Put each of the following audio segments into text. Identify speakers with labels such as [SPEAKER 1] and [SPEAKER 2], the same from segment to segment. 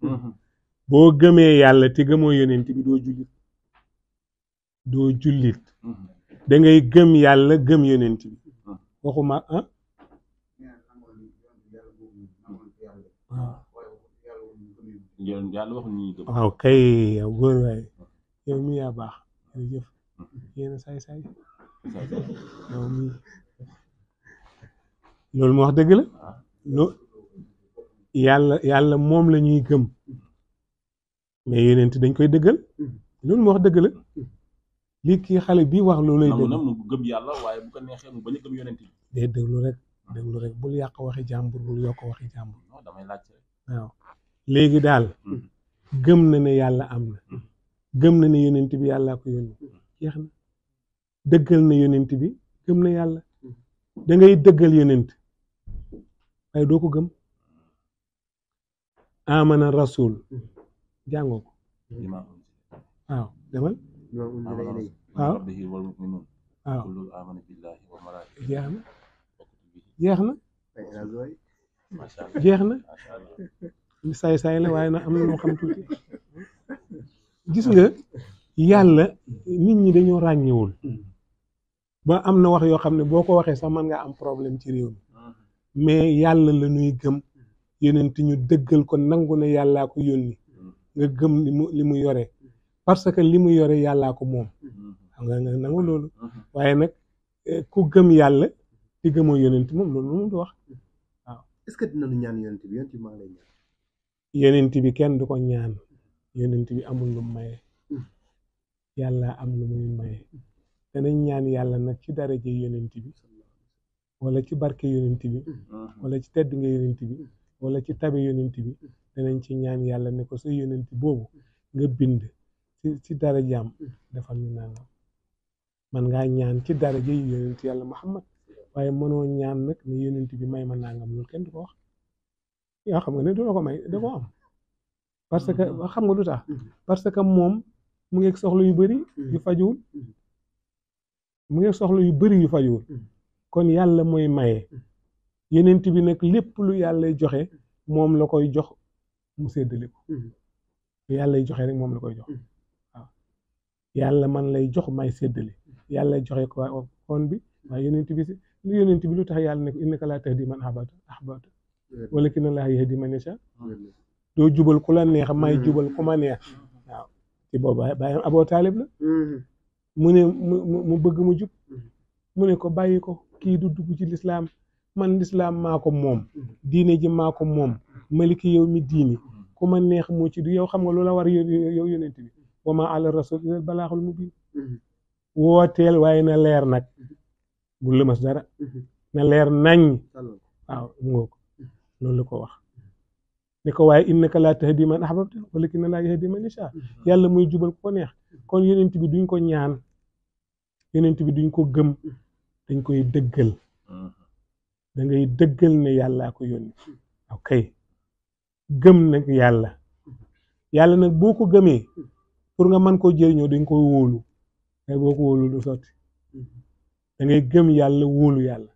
[SPEAKER 1] Hmm. Hmm. boo gëmee yàlla ti gëmoo yonent bi doo jullit doo jullit hmm. da ngay gëm yàlla gëm yonent bi waxuma ah waaw kay yow góor waay yow baax jërëjëf saay saay loolu mu wax dëgg la ah. yàlla yàlla moom la ñuy gëm mais yeneen dañ koy dëggal loolu moo wax dëgg la kii xale bii wax loolu lay dëgg mu gëm yàlla waaye bu yeneen day déglu rek déglu rek bul yàq waxi jàmbur bul yokk waxi jàmbur damay laaj waaw léegi daal gëm na ne yàlla am na gëm na na yonent bi yàllaa ko yónni jeex na dëggal na yonent bi gëm na yàlla dangay dëggal yonent ay doo ko gëm amana rasul mm-hmm. jàngoo ko mm-hmm. waaw demal waaw jeex na jeex na jeex na saay-saay la waaye nag am na loo xam tuuti gis nga yàlla nit ñi dañoo ràññewul ba am na wax yoo xam ne boo ko waxee sax mën ngaa am problème ci réew mi mm-hmm. mais yàlla la ñuy gëm yonent ñu dëggal ko nangu ne yàllaa ko yónni nga gëm li mu yore parce que li mu yore yàllaa ko moom xam nga nga nangu loolu waaye nag eh, ku gëm yàlla di gëmoo yonent moom loolu lu mu du wax waaw est que dinañu ñaan yonent bi yonent bi ñaan yonent bi kenn du ko ñaan yonent bi amul lu maye yàlla am lu muy maye danañ ñaan yàlla na ci daraje yonent bi wala ci barke yonent bi mm-hmm. wala ci tedd nga bi wala ci tabe yonent bi danañ ci ñaan yàlla ne ko sa yonent boobu nga bind ci ci dara jaam defal ñu naan man ngaa ñaan ci dara ji yonent yàlla Muhammad waaye mënoo ñaan nag ne yonent bi may ma nangam loolu kenn du ko wax yaa xam nga ne du la ko may da parce que mm-hmm. xam nga lu tax mm-hmm. que moom mu ngi soxla yu bëri mm-hmm. yu fajuwul mu ngi soxla yu bëri yu fajuwul kon yàlla mooy maye yenent bi nag lépp lu yàllay joxe moom la koy jox mu séddale ko hmm. lu joxe rek moom la koy jox hmm. yàlla man lay jox may séddale hmm. yàlla joxe ko kon bi waaye yenent bi lu yenent lu tax yàlla ne ko innaka laa tahdi man ahbabta ki walakinna llaaha yahdi man yashaa doo jubal ku la neex may jubal ku ma neex waaw ci boobu bàyyam aboo taalib la mu ne mu bëgg mu jub mu ne ko bàyyi ko kii du dugg ci lislaam man lislaam maa ko moom diine ji maa ko moom maliki yow mi diini ku ma neex moo ci du yow xam nga loola war yow yonent bi wa maa ala rasul ilal balaaxul mubiin wooteel na leer nag bu lëmas dara na leer nañ waaw ko loolu la ko wax ne ko waaye innaka laa tahdi man ahbabta walakinna laa yahdi man yashaa yàlla muy jubal ko neex ko yonent bi duñ ko ñaan yonent bi duñ ko gëm dañ koy dëggal da ngay dëggal ne yàllaa ko yónni ok gëm nag yàlla yàlla nag boo ko gëmee pour nga mën koo jëriñoo dañ koy wóolu waaye boo ko wóolu du sotti da ngay gëm yàlla wóolu yàlla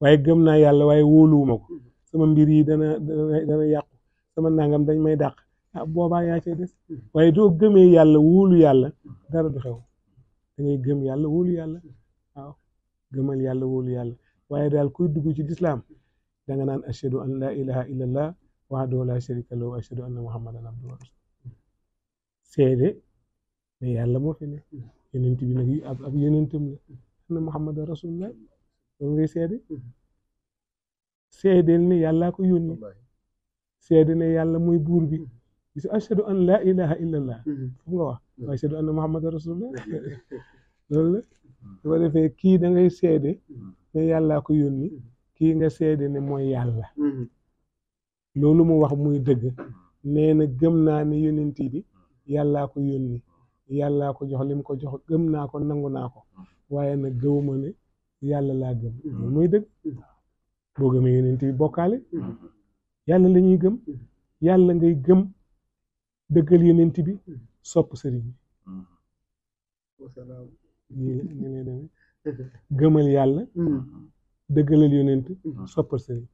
[SPEAKER 1] waaye gëm naa yàlla waaye wóoluwuma ko sama mbir yi dana dana yàqu sama nangam dañ may dàq ah boobaa yaa cay des waaye doo gëmee yàlla wóolu yàlla dara du xew da ngay gëm yàlla wóolu yàlla waaw yàlla wóolu yàlla waaye daal kuy dugg ci lislaam danga nga naan ashhadu an la ilaha illallah wahdahu la sharika lahu wa ashhadu anna muhammadan abduhu yàlla moo fi bi nag ab ab yenentam rasulullah loolu ngay seede seedeel ne yàllaa ko yónni seede ne yàlla mooy buur bi gis ashhadu an la ilaha illallah foofu mm-hmm. nga wa ashhadu anna muhammadan rasulullah loolu la su ko defee ne yàllaa ko yónni mm-hmm. kii nga seede ne mooy yàlla mm-hmm. loolu mu wax muy dëgg mm-hmm. nee na gëm naa ne yónent bi yàllaa ko yónni yàllaa ko jox lim ko jox gëm naa ko nangu naa ko waaye nag gëwuma ne yàlla laa gëm loolu muy dëgg boo gëmee yónent bi bokkaale yàlla la ñuy gëm yàlla ngay gëm dëggal yónent bi sopp sëriñ gëmal yàlla mm. dëggalal yonent mm. soppal sëriñ